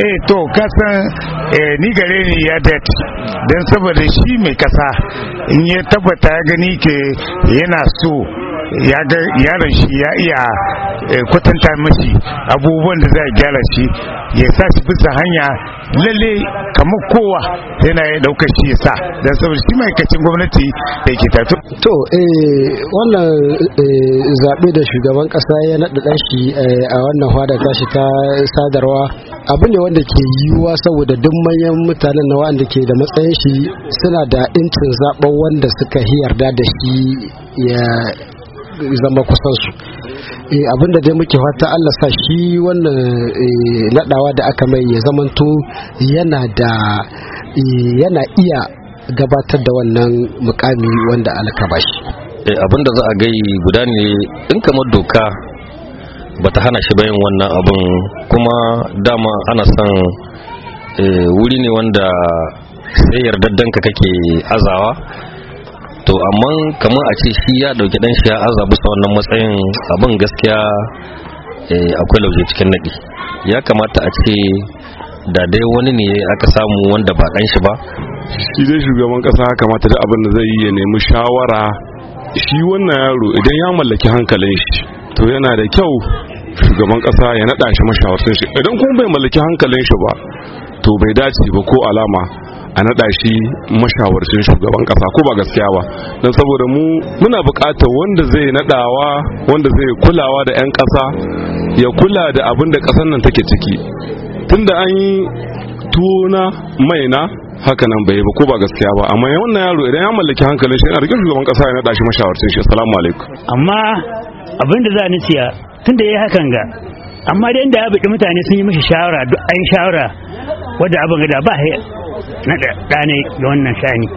eh to kasan eh, ni gare ni ya det don saboda shi mai kasa in ya tabbata ya gani ke yana so ya ga yaron shi ya iya eh, kwatanta mashi abubuwan da za a gyara shi ya sa shi bisa hanya lalle kamar kowa yana ya dauka shi ya sa don saboda shi ma'aikacin gwamnati da ke tato. to eh, wannan zaɓe da shugaban ƙasa ya naɗa ɗan shi a wannan hada tashi ta sadarwa abu ne wanda ke yiwuwa saboda duk manyan mutanen na wanda ke da matsayin shi suna da incin zaɓen wanda suka yarda da shi ya zama kusan su eh, abinda dai muke fata Allah sa shi wannan eh, nadawa da aka mai ya zamanto yana da eh, yana iya gabatar da wannan mukami wanda alaka bashi abinda za a gai guda ne in kamar doka bata hana shi bayan wannan abin kuma dama ana son eh, wuri ne wanda sai ka kake azawa to amma kamar a ce shi ya dauki dan shi ya aza bisa wannan matsayin abin gaskiya eh, akwai lauje cikin nadi ya kamata a ce da dai wani ne aka samu wanda ba dan shi ba shi zai shugaban kasa kamata da abin da zai yi ya nemi shawara shi wannan yaro idan ya mallaki hankalin shi to yana da kyau shugaban kasa ya naɗa shi mashawarcin shi idan kuma bai mallaki hankalin shi ba to bai dace ba ko alama a naɗa shi mashawarcin shugaban kasa ko ba gaskiya ba don saboda mu muna buƙatar wanda zai naɗawa wanda zai kulawa da 'yan kasa ya kula da abin da kasan nan take ciki tunda an yi tuna maina haka nan bai ba ko ba gaskiya ba amma wannan yaro idan ya mallaki hankalin shi yana rikin shugaban kasa ya naɗa shi mashawarcin shi assalamu alaikum amma abin da za ni siya tunda yi hakan ga amma da inda ya biki mutane sun yi mishi shawara duk an shawara wadda abin gada ba na ɗane ga wannan shani